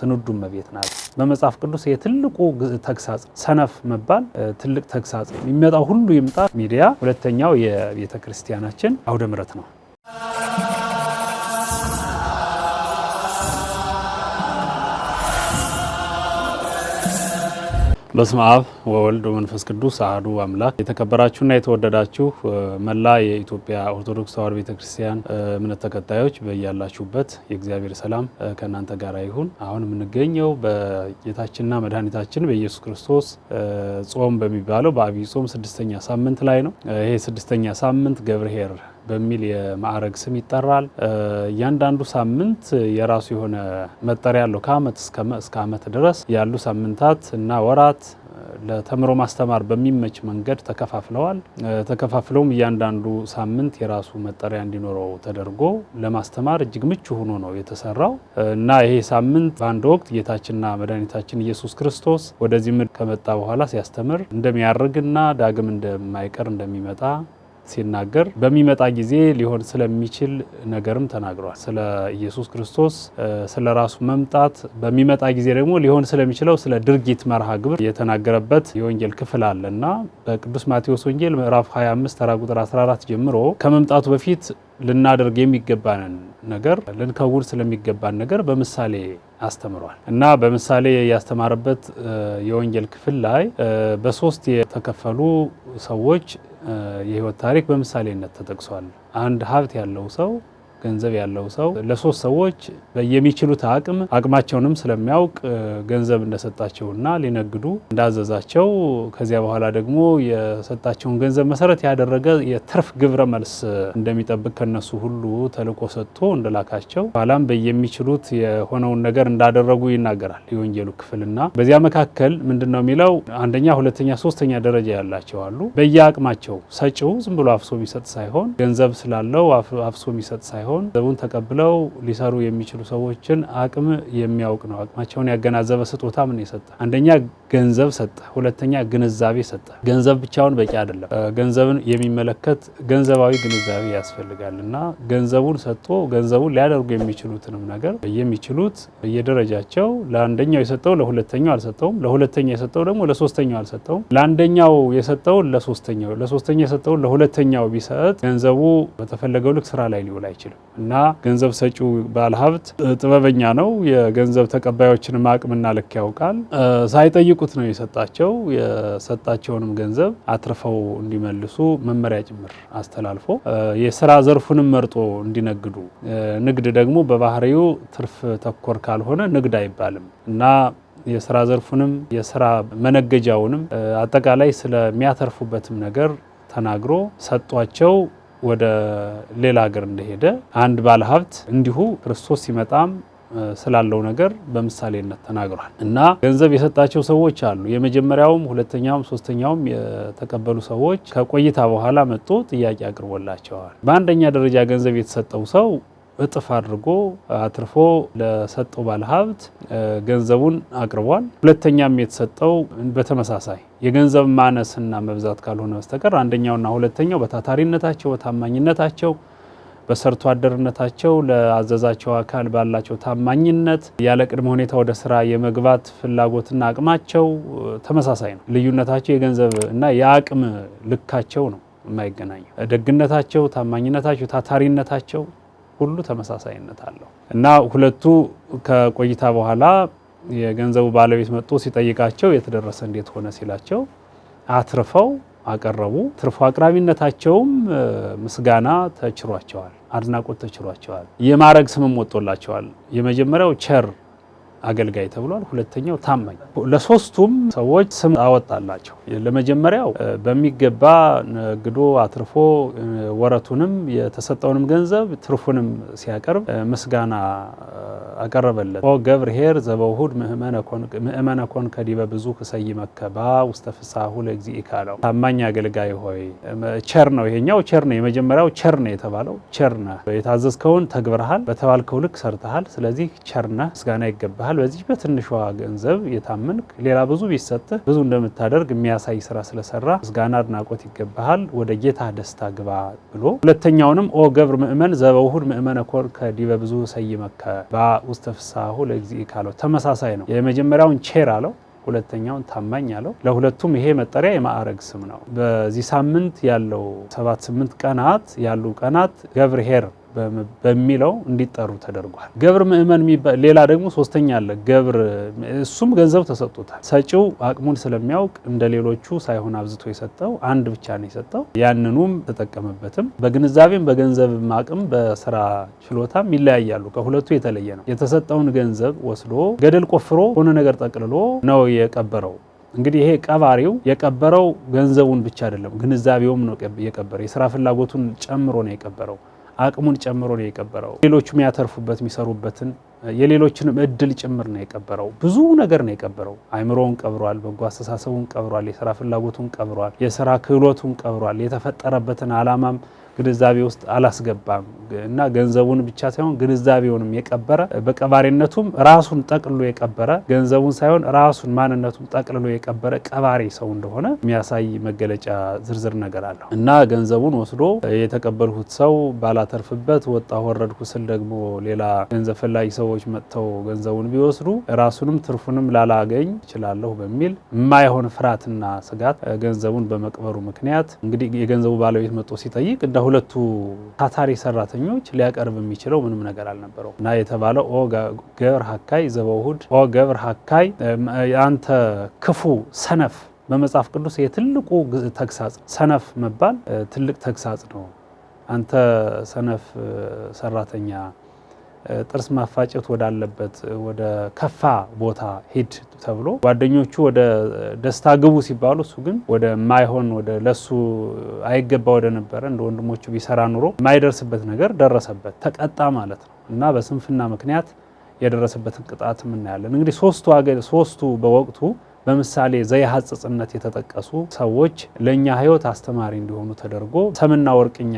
ትንዱ እመቤት ናት። በመጽሐፍ ቅዱስ የትልቁ ተግሳጽ ሰነፍ መባል ትልቅ ተግሳጽ የሚመጣው ሁሉ ይምጣ ሚዲያ ሁለተኛው የቤተ ክርስቲያናችን አውደ ምረት ነው። በስመ አብ ወወልድ ወመንፈስ ቅዱስ አህዱ አምላክ። የተከበራችሁና የተወደዳችሁ መላ የኢትዮጵያ ኦርቶዶክስ ተዋሕዶ ቤተክርስቲያን እምነት ተከታዮች በያላችሁበት የእግዚአብሔር ሰላም ከእናንተ ጋር ይሁን። አሁን የምንገኘው በጌታችንና መድኃኒታችን በኢየሱስ ክርስቶስ ጾም በሚባለው በአብይ ጾም ስድስተኛ ሳምንት ላይ ነው። ይሄ ስድስተኛ ሳምንት ገብርሄር በሚል የማዕረግ ስም ይጠራል። እያንዳንዱ ሳምንት የራሱ የሆነ መጠሪያ አለው። ከአመት እስከ አመት ድረስ ያሉ ሳምንታት እና ወራት ለተምሮ ማስተማር በሚመች መንገድ ተከፋፍለዋል። ተከፋፍለውም እያንዳንዱ ሳምንት የራሱ መጠሪያ እንዲኖረው ተደርጎ ለማስተማር እጅግ ምቹ ሆኖ ነው የተሰራው እና ይሄ ሳምንት በአንድ ወቅት ጌታችንና መድኃኒታችን ኢየሱስ ክርስቶስ ወደዚህ ምድር ከመጣ በኋላ ሲያስተምር እንደሚያርግና ዳግም እንደማይቀር እንደሚመጣ ሲናገር በሚመጣ ጊዜ ሊሆን ስለሚችል ነገርም ተናግሯል። ስለ ኢየሱስ ክርስቶስ ስለ ራሱ መምጣት፣ በሚመጣ ጊዜ ደግሞ ሊሆን ስለሚችለው ስለ ድርጊት መርሃ ግብር የተናገረበት የወንጌል ክፍል አለ እና በቅዱስ ማቴዎስ ወንጌል ምዕራፍ 25 ተራ ቁጥር 14 ጀምሮ ከመምጣቱ በፊት ልናደርግ የሚገባንን ነገር ልንከውን ስለሚገባን ነገር በምሳሌ አስተምሯል እና በምሳሌ ያስተማረበት የወንጌል ክፍል ላይ በሶስት የተከፈሉ ሰዎች የህይወት ታሪክ በምሳሌነት ተጠቅሷል። አንድ ሀብት ያለው ሰው ገንዘብ ያለው ሰው ለሶስት ሰዎች የሚችሉት አቅም አቅማቸውንም ስለሚያውቅ ገንዘብ እንደሰጣቸውና ሊነግዱ እንዳዘዛቸው ከዚያ በኋላ ደግሞ የሰጣቸውን ገንዘብ መሰረት ያደረገ የትርፍ ግብረ መልስ እንደሚጠብቅ ከነሱ ሁሉ ተልእኮ ሰጥቶ እንደላካቸው ኋላም በየሚችሉት የሆነውን ነገር እንዳደረጉ ይናገራል የወንጌሉ ክፍልና በዚያ መካከል ምንድን ነው የሚለው አንደኛ፣ ሁለተኛ፣ ሶስተኛ ደረጃ ያላቸው አሉ። በየአቅማቸው ሰጪው ዝም ብሎ አፍሶ የሚሰጥ ሳይሆን ገንዘብ ስላለው አፍሶ የሚሰጥ ሳይሆን ሳይሆን ዘቡን ተቀብለው ሊሰሩ የሚችሉ ሰዎችን አቅም የሚያውቅ ነው። አቅማቸውን ያገናዘበ ስጦታ ምን የሰጠ አንደኛ ገንዘብ ሰጠ፣ ሁለተኛ ግንዛቤ ሰጠ። ገንዘብ ብቻውን በቂ አይደለም። ገንዘብን የሚመለከት ገንዘባዊ ግንዛቤ ያስፈልጋል እና ገንዘቡን ሰጥቶ ገንዘቡን ሊያደርጉ የሚችሉትንም ነገር የሚችሉት የደረጃቸው ለአንደኛው የሰጠው ለሁለተኛው አልሰጠውም፣ ለሁለተኛው የሰጠው ደግሞ ለሶስተኛው አልሰጠውም፣ ለአንደኛው የሰጠውን ለሶስተኛው፣ ለሶስተኛው የሰጠውን ለሁለተኛው ቢሰጥ ገንዘቡ በተፈለገው ልክ ስራ ላይ ሊውል አይችልም። እና ገንዘብ ሰጪው ባለሀብት ጥበበኛ ነው። የገንዘብ ተቀባዮችንም አቅምና ልክ ያውቃል። ሳይጠይቁት ነው የሰጣቸው። የሰጣቸውንም ገንዘብ አትርፈው እንዲመልሱ መመሪያ ጭምር አስተላልፎ የስራ ዘርፉንም መርጦ እንዲነግዱ። ንግድ ደግሞ በባህሪው ትርፍ ተኮር ካልሆነ ንግድ አይባልም እና የስራ ዘርፉንም የስራ መነገጃውንም አጠቃላይ ስለሚያተርፉበትም ነገር ተናግሮ ሰጧቸው። ወደ ሌላ ሀገር እንደሄደ አንድ ባለሀብት እንዲሁ ክርስቶስ ሲመጣም ስላለው ነገር በምሳሌነት ተናግሯል እና ገንዘብ የሰጣቸው ሰዎች አሉ። የመጀመሪያውም ሁለተኛውም ሶስተኛውም የተቀበሉ ሰዎች ከቆይታ በኋላ መጡ፣ ጥያቄ አቅርቦላቸዋል። በአንደኛ ደረጃ ገንዘብ የተሰጠው ሰው እጥፍ አድርጎ አትርፎ ለሰጠው ባለሀብት ገንዘቡን አቅርቧል። ሁለተኛም የተሰጠው በተመሳሳይ የገንዘብ ማነስና መብዛት ካልሆነ በስተቀር አንደኛውና ሁለተኛው በታታሪነታቸው፣ በታማኝነታቸው፣ በሰርቶ አደርነታቸው ለአዘዛቸው አካል ባላቸው ታማኝነት፣ ያለ ቅድመ ሁኔታ ወደ ስራ የመግባት ፍላጎትና አቅማቸው ተመሳሳይ ነው። ልዩነታቸው የገንዘብ እና የአቅም ልካቸው ነው የማይገናኙ። ደግነታቸው፣ ታማኝነታቸው፣ ታታሪነታቸው ሁሉ ተመሳሳይነት አለው እና ሁለቱ ከቆይታ በኋላ የገንዘቡ ባለቤት መጥቶ ሲጠይቃቸው የተደረሰ እንዴት ሆነ ሲላቸው አትርፈው አቀረቡ። ትርፎ አቅራቢነታቸውም ምስጋና ተችሯቸዋል፣ አድናቆት ተችሯቸዋል። የማረግ ስምም ወጥቶላቸዋል። የመጀመሪያው ቸር አገልጋይ ተብሏል። ሁለተኛው ታማኝ። ለሶስቱም ሰዎች ስም አወጣላቸው። ለመጀመሪያው በሚገባ ነግዶ አትርፎ ወረቱንም የተሰጠውንም ገንዘብ ትርፉንም ሲያቀርብ ምስጋና አቀረበለት ኦ ገብር ኄር ዘበውሁድ ምእመነ ኮን ከዲበ ብዙ ክሰይ መከባ ውስተ ፍሳሁ ለእግዚእከ ካለው ታማኝ አገልጋይ ሆይ ቸር ነው ይሄኛው ቸር ነው የመጀመሪያው ቸር ነው የተባለው ቸር ነ የታዘዝከውን ተግብረሃል፣ በተባልከው ልክ ሰርተሃል። ስለዚህ ቸር ነ ምስጋና ይገባሃል። በዚህ በትንሿ ገንዘብ የታመንክ ሌላ ብዙ ቢሰጥህ ብዙ እንደምታደርግ የሚያሳይ ስራ ስለሰራ ምስጋና አድናቆት ይገባሃል። ወደ ጌታ ደስታ ግባ ብሎ ሁለተኛውንም ኦ ገብር ምእመን ዘበውሁድ ምእመነ ኮን ከዲበ ብዙ ሰይ መከባ ውስተ ፍስሐሁ ካለው ተመሳሳይ ነው። የመጀመሪያውን ቼር አለው፣ ሁለተኛውን ታማኝ አለው። ለሁለቱም ይሄ መጠሪያ የማዕረግ ስም ነው። በዚህ ሳምንት ያለው ሰባት ስምንት ቀናት ያሉ ቀናት ገብርሄር በሚለው እንዲጠሩ ተደርጓል። ገብር ምእመን የሚባል ሌላ ደግሞ ሶስተኛ አለ። ገብር እሱም ገንዘብ ተሰጥቶታል። ሰጪው አቅሙን ስለሚያውቅ እንደ ሌሎቹ ሳይሆን አብዝቶ የሰጠው አንድ ብቻ ነው የሰጠው። ያንኑም ተጠቀመበትም። በግንዛቤም በገንዘብም አቅም በስራ ችሎታም ይለያያሉ። ከሁለቱ የተለየ ነው። የተሰጠውን ገንዘብ ወስዶ ገደል ቆፍሮ ሆነ ነገር ጠቅልሎ ነው የቀበረው። እንግዲህ ይሄ ቀባሪው የቀበረው ገንዘቡን ብቻ አይደለም፣ ግንዛቤውም ነው የቀበረው። የስራ ፍላጎቱን ጨምሮ ነው የቀበረው። አቅሙን ጨምሮ ነው የቀበረው። ሌሎቹ የሚያተርፉበት የሚሰሩበትን የሌሎችንም እድል ጭምር ነው የቀበረው። ብዙ ነገር ነው የቀበረው። አይምሮውን ቀብሯል፣ በጎ አስተሳሰቡን ቀብሯል፣ የስራ ፍላጎቱን ቀብሯል፣ የስራ ክህሎቱን ቀብሯል፣ የተፈጠረበትን አላማም ግንዛቤ ውስጥ አላስገባም እና ገንዘቡን ብቻ ሳይሆን ግንዛቤውንም የቀበረ በቀባሪነቱም ራሱን ጠቅልሎ የቀበረ ገንዘቡን ሳይሆን ራሱን ማንነቱን ጠቅልሎ የቀበረ ቀባሪ ሰው እንደሆነ የሚያሳይ መገለጫ ዝርዝር ነገር አለው እና ገንዘቡን ወስዶ የተቀበልኩት ሰው ባላተርፍበት ወጣ ወረድኩ ስል ደግሞ ሌላ ገንዘብ ፈላጊ ሰዎች መጥተው ገንዘቡን ቢወስዱ ራሱንም ትርፉንም ላላገኝ እችላለሁ በሚል የማይሆን ፍርሃትና ስጋት ገንዘቡን በመቅበሩ ምክንያት እንግዲህ የገንዘቡ ባለቤት መጥቶ ሲጠይቅ እንደ ለሁለቱ ታታሪ ሰራተኞች ሊያቀርብ የሚችለው ምንም ነገር አልነበረው እና የተባለው ኦ ገብር ሀካይ ዘበውሁድ ኦ ገብር ሀካይ አንተ ክፉ ሰነፍ በመጽሐፍ ቅዱስ የትልቁ ተግሳጽ ሰነፍ መባል ትልቅ ተግሳጽ ነው። አንተ ሰነፍ ሰራተኛ ጥርስ ማፋጨት ወዳለበት ወደ ከፋ ቦታ ሂድ ተብሎ ጓደኞቹ ወደ ደስታ ግቡ ሲባሉ እሱ ግን ወደ ማይሆን ወደ ለሱ አይገባ ወደ ነበረ እንደ ወንድሞቹ ቢሰራ ኑሮ የማይደርስበት ነገር ደረሰበት፣ ተቀጣ ማለት ነው እና በስንፍና ምክንያት የደረሰበትን ቅጣት እናያለን። እንግዲህ ሶስቱ ሶስቱ በወቅቱ በምሳሌ ዘይሀጽጽነት የተጠቀሱ ሰዎች ለእኛ ህይወት አስተማሪ እንዲሆኑ ተደርጎ ሰምና ወርቅኛ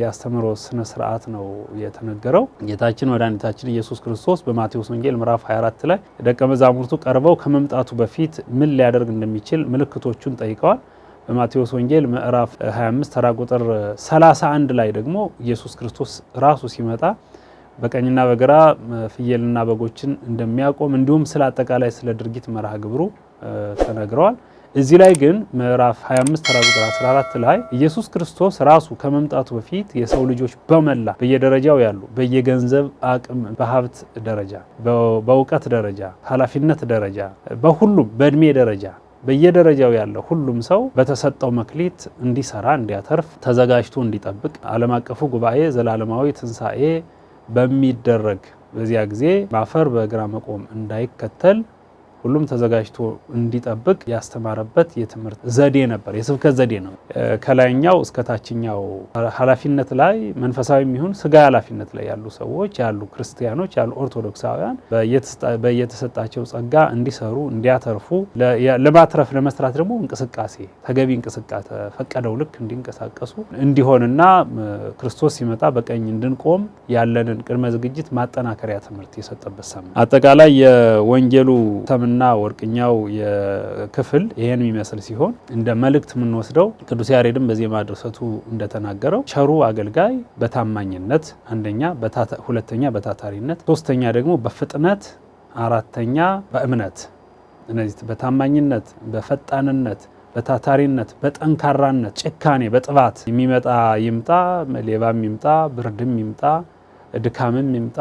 የአስተምሮ ስነ ስርዓት ነው የተነገረው። ጌታችን መድኃኒታችን ኢየሱስ ክርስቶስ በማቴዎስ ወንጌል ምዕራፍ 24 ላይ ደቀ መዛሙርቱ ቀርበው ከመምጣቱ በፊት ምን ሊያደርግ እንደሚችል ምልክቶቹን ጠይቀዋል። በማቴዎስ ወንጌል ምዕራፍ 25 ተራ ቁጥር 31 ላይ ደግሞ ኢየሱስ ክርስቶስ ራሱ ሲመጣ በቀኝና በግራ ፍየልና በጎችን እንደሚያቆም እንዲሁም ስለ አጠቃላይ ስለ ድርጊት መርሃ ግብሩ ተነግረዋል። እዚህ ላይ ግን ምዕራፍ 25 ተራ ቁጥር 14 ላይ ኢየሱስ ክርስቶስ ራሱ ከመምጣቱ በፊት የሰው ልጆች በመላ በየደረጃው ያሉ በየገንዘብ አቅም፣ በሀብት ደረጃ፣ በእውቀት ደረጃ፣ ኃላፊነት ደረጃ፣ በሁሉም በእድሜ ደረጃ በየደረጃው ያለ ሁሉም ሰው በተሰጠው መክሊት እንዲሰራ እንዲያተርፍ ተዘጋጅቶ እንዲጠብቅ ዓለም አቀፉ ጉባኤ ዘላለማዊ ትንሣኤ በሚደረግ በዚያ ጊዜ ማፈር በግራ መቆም እንዳይከተል ሁሉም ተዘጋጅቶ እንዲጠብቅ ያስተማረበት የትምህርት ዘዴ ነበር፣ የስብከት ዘዴ ነው። ከላይኛው እስከ ታችኛው ኃላፊነት ላይ መንፈሳዊ የሚሆን ስጋ ኃላፊነት ላይ ያሉ ሰዎች ያሉ ክርስቲያኖች ያሉ ኦርቶዶክሳውያን በየተሰጣቸው ጸጋ እንዲሰሩ እንዲያተርፉ፣ ለማትረፍ ለመስራት ደግሞ እንቅስቃሴ ተገቢ እንቅስቃሴ ፈቀደው ልክ እንዲንቀሳቀሱ እንዲሆንና ክርስቶስ ሲመጣ በቀኝ እንድንቆም ያለንን ቅድመ ዝግጅት ማጠናከሪያ ትምህርት የሰጠበት ሰምነ አጠቃላይ የወንጌሉ ብርሃኑና ወርቅኛው ክፍል ይህን የሚመስል ሲሆን እንደ መልእክት የምንወስደው ቅዱስ ያሬድም በዜማ ድርሰቱ እንደተናገረው ቸሩ አገልጋይ በታማኝነት አንደኛ፣ ሁለተኛ በታታሪነት፣ ሶስተኛ ደግሞ በፍጥነት፣ አራተኛ በእምነት እነዚህ በታማኝነት በፈጣንነት በታታሪነት በጠንካራነት ጭካኔ በጥባት የሚመጣ ይምጣ፣ ሌባም ይምጣ፣ ብርድም ይምጣ ድካምም ይምጣ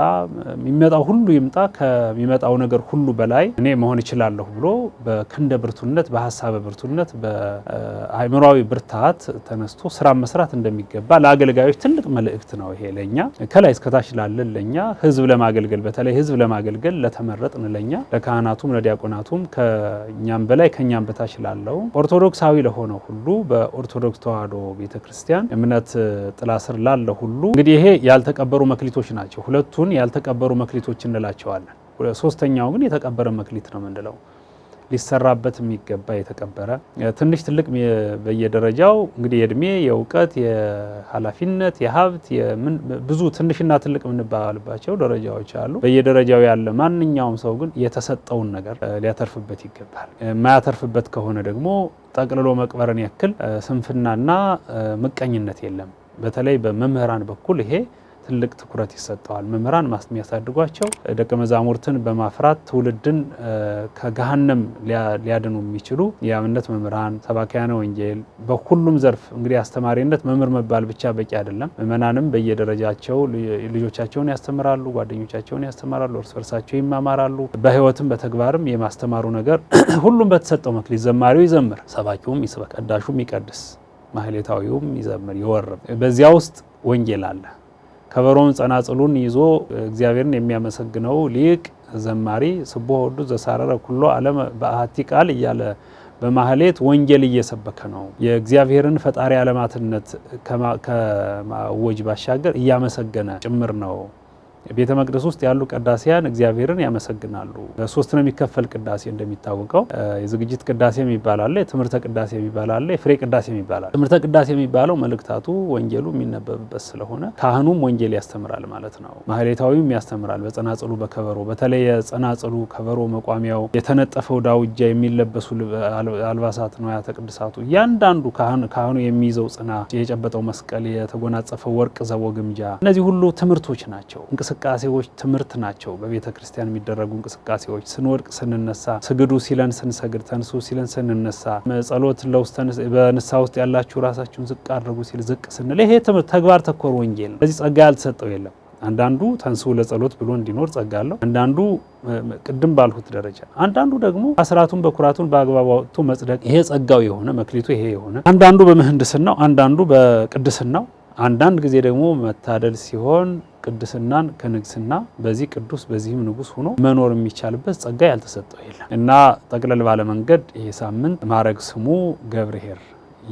የሚመጣው ሁሉ ይምጣ ከሚመጣው ነገር ሁሉ በላይ እኔ መሆን እችላለሁ ብሎ በክንደ ብርቱነት፣ በሀሳበ ብርቱነት፣ በአእምሯዊ ብርታት ተነስቶ ስራ መስራት እንደሚገባ ለአገልጋዮች ትልቅ መልእክት ነው። ይሄ ለኛ ከላይ እስከታች ላለን ለኛ ህዝብ ለማገልገል በተለይ ህዝብ ለማገልገል ለተመረጥን ለኛ ለካህናቱም፣ ለዲያቆናቱም ከእኛም በላይ ከእኛም በታች ላለው ኦርቶዶክሳዊ ለሆነ ሁሉ በኦርቶዶክስ ተዋህዶ ቤተክርስቲያን እምነት ጥላ ስር ላለ ሁሉ እንግዲህ ይሄ ያልተቀበሩ መክሊቶ መክሊቶች ናቸው። ሁለቱን ያልተቀበሩ መክሊቶች እንላቸዋለን። ሶስተኛው ግን የተቀበረ መክሊት ነው የምንለው። ሊሰራበት የሚገባ የተቀበረ ትንሽ ትልቅ በየደረጃው እንግዲህ የእድሜ፣ የእውቀት፣ የኃላፊነት፣ የሀብት ብዙ ትንሽና ትልቅ የምንባልባቸው ደረጃዎች አሉ። በየደረጃው ያለ ማንኛውም ሰው ግን የተሰጠውን ነገር ሊያተርፍበት ይገባል። የማያተርፍበት ከሆነ ደግሞ ጠቅልሎ መቅበርን ያክል ስንፍናና ምቀኝነት የለም። በተለይ በመምህራን በኩል ይሄ ትልቅ ትኩረት ይሰጠዋል። መምህራን የሚያሳድጓቸው ደቀ መዛሙርትን በማፍራት ትውልድን ከገሃነም ሊያድኑ የሚችሉ የአብነት መምህራን፣ ሰባኪያነ ወንጌል በሁሉም ዘርፍ እንግዲህ አስተማሪነት መምህር መባል ብቻ በቂ አይደለም። ምእመናንም በየደረጃቸው ልጆቻቸውን ያስተምራሉ፣ ጓደኞቻቸውን ያስተምራሉ፣ እርስ በርሳቸው ይማማራሉ። በህይወትም በተግባርም የማስተማሩ ነገር ሁሉም በተሰጠው መክሊት ዘማሪው ይዘምር፣ ሰባኪውም ይስበክ፣ ቀዳሹም ይቀድስ፣ ማህሌታዊውም ይዘምር ይወርም። በዚያ ውስጥ ወንጌል አለ። ከበሮን ጸናጽሉን ይዞ እግዚአብሔርን የሚያመሰግነው ሊቅ ዘማሪ ስቦ ወዱ ዘሳረረ ኩሎ ዓለም በአሐቲ ቃል እያለ በማህሌት ወንጌል እየሰበከ ነው። የእግዚአብሔርን ፈጣሪ ዓለማትነት ከማወጅ ባሻገር እያመሰገነ ጭምር ነው። ቤተ መቅደስ ውስጥ ያሉ ቅዳሴያን እግዚአብሔርን ያመሰግናሉ። ሶስት ነው የሚከፈል ቅዳሴ እንደሚታወቀው የዝግጅት ቅዳሴ የሚባል አለ፣ የትምህርተ ቅዳሴ የሚባል አለ፣ የፍሬ ቅዳሴ የሚባል አለ። ትምህርተ ቅዳሴ የሚባለው መልእክታቱ ወንጌሉ የሚነበብበት ስለሆነ ካህኑም ወንጌል ያስተምራል ማለት ነው። ማህሌታዊም ያስተምራል በጸናጽሉ በከበሮ በተለይ የጸናጽሉ ከበሮ መቋሚያው የተነጠፈው ዳውጃ የሚለበሱ አልባሳት ነው ያተ ቅድሳቱ እያንዳንዱ ካህኑ የሚይዘው ጽና የጨበጠው መስቀል የተጎናጸፈው ወርቅ ዘቦ ግምጃ እነዚህ ሁሉ ትምህርቶች ናቸው። እንቅስቃሴዎች ትምህርት ናቸው። በቤተ ክርስቲያን የሚደረጉ እንቅስቃሴዎች ስንወድቅ ስንነሳ፣ ስግዱ ሲለን ስንሰግድ፣ ተንሱ ሲለን ስንነሳ፣ ጸሎት ለውስጥ በንሳ ውስጥ ያላችሁ ራሳችሁን ዝቅ አድርጉ ሲል ዝቅ ስንል ይሄ ትምህርት ተግባር ተኮር ወንጌል ነው። ለዚህ ጸጋ ያልተሰጠው የለም። አንዳንዱ ተንሱ ለጸሎት ብሎ እንዲኖር ጸጋ አለው። አንዳንዱ ቅድም ባልሁት ደረጃ፣ አንዳንዱ ደግሞ አስራቱን በኩራቱን በአግባብ አውጥቶ መጽደቅ፣ ይሄ ጸጋው የሆነ መክሊቱ ይሄ የሆነ አንዳንዱ በምህንድስናው፣ አንዳንዱ በቅድስናው አንዳንድ ጊዜ ደግሞ መታደል ሲሆን ቅድስናን ከንግስና በዚህ ቅዱስ በዚህም ንጉስ ሆኖ መኖር የሚቻልበት ጸጋ ያልተሰጠው የለም እና ጠቅለል ባለ መንገድ ይሄ ሳምንት ማዕረግ ስሙ ገብርሄር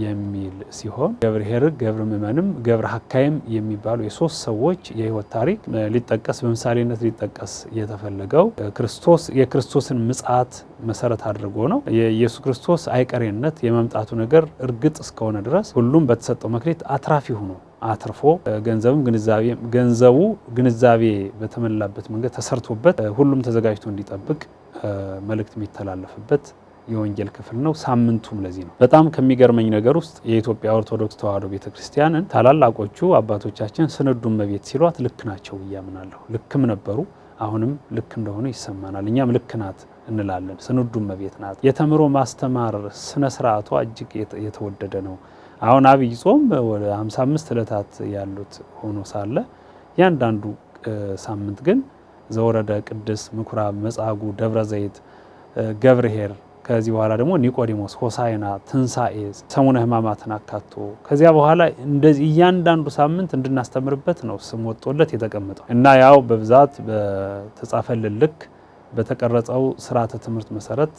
የሚል ሲሆን ገብርሄር ገብር ምዕመንም፣ ገብር ሀካይም የሚባሉ የሶስት ሰዎች የህይወት ታሪክ ሊጠቀስ በምሳሌነት ሊጠቀስ የተፈለገው ክርስቶስ የክርስቶስን ምጽአት መሰረት አድርጎ ነው። የኢየሱስ ክርስቶስ አይቀሬነት የመምጣቱ ነገር እርግጥ እስከሆነ ድረስ ሁሉም በተሰጠው መክሌት አትራፊ ሆኖ አትርፎ ገንዘብም ግንዛቤ ገንዘቡ ግንዛቤ በተሞላበት መንገድ ተሰርቶበት ሁሉም ተዘጋጅቶ እንዲጠብቅ መልእክት የሚተላለፍበት የወንጌል ክፍል ነው። ሳምንቱም ለዚህ ነው። በጣም ከሚገርመኝ ነገር ውስጥ የኢትዮጵያ ኦርቶዶክስ ተዋሕዶ ቤተክርስቲያንን ታላላቆቹ አባቶቻችን ስንዱ እመቤት ሲሏት ልክ ናቸው እያምናለሁ። ልክም ነበሩ፣ አሁንም ልክ እንደሆኑ ይሰማናል። እኛም ልክ ናት እንላለን። ስንዱ እመቤት ናት። የተምሮ ማስተማር ስነስርዓቷ እጅግ የተወደደ ነው። አሁን አብይ ጾም ወደ 55 ዕለታት ያሉት ሆኖ ሳለ እያንዳንዱ ሳምንት ግን ዘወረደ፣ ቅድስ፣ ምኩራብ፣ መጻጉ፣ ደብረ ዘይት፣ ገብርሄር ከዚህ በኋላ ደግሞ ኒቆዲሞስ፣ ሆሳይና፣ ትንሳኤ፣ ሰሙነ ህማማትን አካቶ ከዚያ በኋላ እንደዚህ እያንዳንዱ ሳምንት እንድናስተምርበት ነው ስም ወጥቶለት የተቀመጠው እና ያው በብዛት በተጻፈልን ልክ በተቀረጸው ስርዓተ ትምህርት መሰረት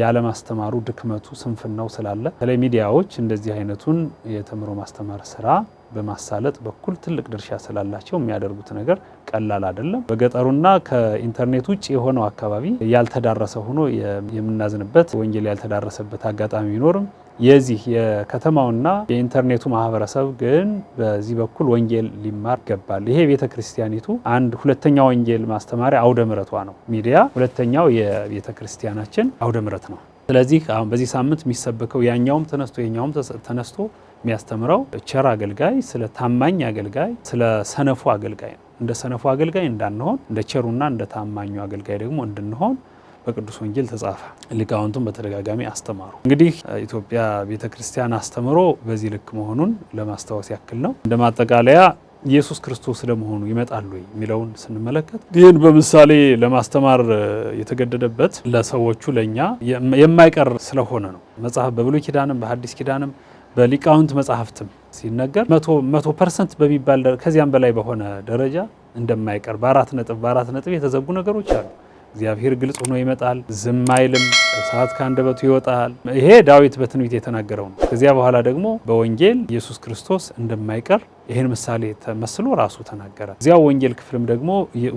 ያለማስተማሩ ድክመቱ ስንፍናው ስላለ በተለይ ሚዲያዎች እንደዚህ አይነቱን የተምሮ ማስተማር ስራ በማሳለጥ በኩል ትልቅ ድርሻ ስላላቸው የሚያደርጉት ነገር ቀላል አይደለም። በገጠሩና ከኢንተርኔት ውጭ የሆነው አካባቢ ያልተዳረሰ ሆኖ የምናዝንበት ወንጌል ያልተዳረሰበት አጋጣሚ ቢኖርም የዚህ የከተማውና የኢንተርኔቱ ማህበረሰብ ግን በዚህ በኩል ወንጌል ሊማር ይገባል። ይሄ ቤተ ክርስቲያኒቱ አንድ ሁለተኛ ወንጌል ማስተማሪያ አውደ ምረቷ ነው። ሚዲያ ሁለተኛው የቤተ ክርስቲያናችን አውደ ምረት ነው። ስለዚህ አሁን በዚህ ሳምንት የሚሰበከው ያኛውም ተነስቶ የኛውም ተነስቶ የሚያስተምረው ቸር አገልጋይ ስለ ታማኝ አገልጋይ ስለ ሰነፉ አገልጋይ ነው። እንደ ሰነፉ አገልጋይ እንዳንሆን እንደ ቸሩና እንደ ታማኙ አገልጋይ ደግሞ እንድንሆን በቅዱስ ወንጌል ተጻፈ። ሊቃውንቱም በተደጋጋሚ አስተማሩ። እንግዲህ ኢትዮጵያ ቤተ ክርስቲያን አስተምሮ በዚህ ልክ መሆኑን ለማስታወስ ያክል ነው። እንደ ማጠቃለያ ኢየሱስ ክርስቶስ ለመሆኑ ይመጣሉ የሚለውን ስንመለከት ይህን በምሳሌ ለማስተማር የተገደደበት ለሰዎቹ ለእኛ የማይቀር ስለሆነ ነው። መጽሐፍ በብሉይ ኪዳንም በሐዲስ ኪዳንም በሊቃውንት መጽሐፍትም ሲነገር መቶ ፐርሰንት በሚባል ከዚያም በላይ በሆነ ደረጃ እንደማይቀር በአራት ነጥብ በአራት ነጥብ የተዘጉ ነገሮች አሉ። እግዚአብሔር ግልጽ ሆኖ ይመጣል፣ ዝም አይልም፣ እሳት ከአንደበቱ ይወጣል። ይሄ ዳዊት በትንቢት የተናገረው ነው። ከዚያ በኋላ ደግሞ በወንጌል ኢየሱስ ክርስቶስ እንደማይቀር ይህን ምሳሌ ተመስሎ ራሱ ተናገረ። እዚያው ወንጌል ክፍልም ደግሞ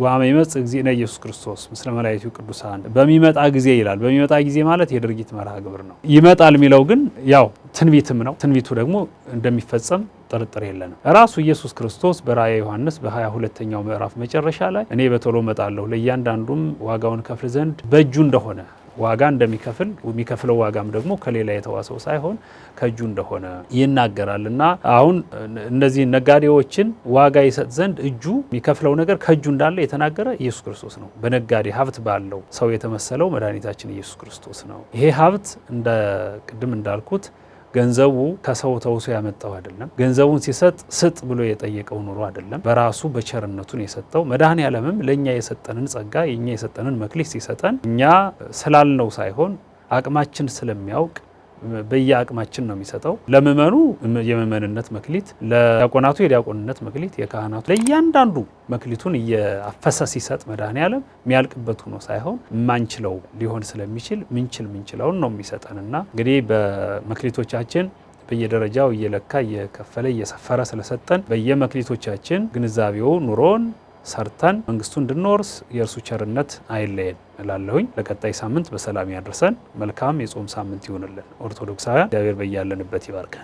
ዋመይመጽ እግዚእነ ኢየሱስ ክርስቶስ ምስለ መላእክቱ ቅዱሳን በሚመጣ ጊዜ ይላል። በሚመጣ ጊዜ ማለት የድርጊት መርሃ ግብር ነው። ይመጣል የሚለው ግን ያው ትንቢትም ነው። ትንቢቱ ደግሞ እንደሚፈጸም ጥርጥር የለንም። ራሱ ኢየሱስ ክርስቶስ በራእየ ዮሐንስ በሃያ ሁለተኛው ምዕራፍ መጨረሻ ላይ እኔ በቶሎ መጣለሁ ለእያንዳንዱም ዋጋውን ከፍል ዘንድ በእጁ እንደሆነ ዋጋ እንደሚከፍል የሚከፍለው ዋጋም ደግሞ ከሌላ የተዋሰው ሳይሆን ከእጁ እንደሆነ ይናገራል። እና አሁን እነዚህ ነጋዴዎችን ዋጋ ይሰጥ ዘንድ እጁ የሚከፍለው ነገር ከእጁ እንዳለ የተናገረ ኢየሱስ ክርስቶስ ነው። በነጋዴ ሀብት ባለው ሰው የተመሰለው መድኃኒታችን ኢየሱስ ክርስቶስ ነው። ይሄ ሀብት እንደ ቅድም እንዳልኩት ገንዘቡ ከሰው ተውሶ ያመጣው አይደለም። ገንዘቡን ሲሰጥ ስጥ ብሎ የጠየቀው ኑሮ አይደለም። በራሱ በቸርነቱን የሰጠው መድኃኔ ዓለምም ለእኛ የሰጠንን ጸጋ የእኛ የሰጠንን መክሊት ሲሰጠን እኛ ስላልነው ሳይሆን አቅማችን ስለሚያውቅ በየአቅማችን ነው የሚሰጠው። ለምዕመኑ የምዕመንነት መክሊት፣ ለዲያቆናቱ የዲያቆንነት መክሊት፣ የካህናቱ ለእያንዳንዱ መክሊቱን እየአፈሰ ሲሰጥ አለም የሚያልቅበት ሆኖ ሳይሆን የማንችለው ሊሆን ስለሚችል ምንችል ምንችለውን ነው የሚሰጠንና እንግዲህ በመክሊቶቻችን በየደረጃው እየለካ እየከፈለ እየሰፈረ ስለሰጠን በየመክሊቶቻችን ግንዛቤው ኑሮን ሰርተን መንግስቱ እንድንወርስ የእርሱ ቸርነት አይለየን እላለሁኝ። ለቀጣይ ሳምንት በሰላም ያደርሰን መልካም የጾም ሳምንት ይሆንልን። ኦርቶዶክሳውያን እግዚአብሔር በያለንበት ይባርከን።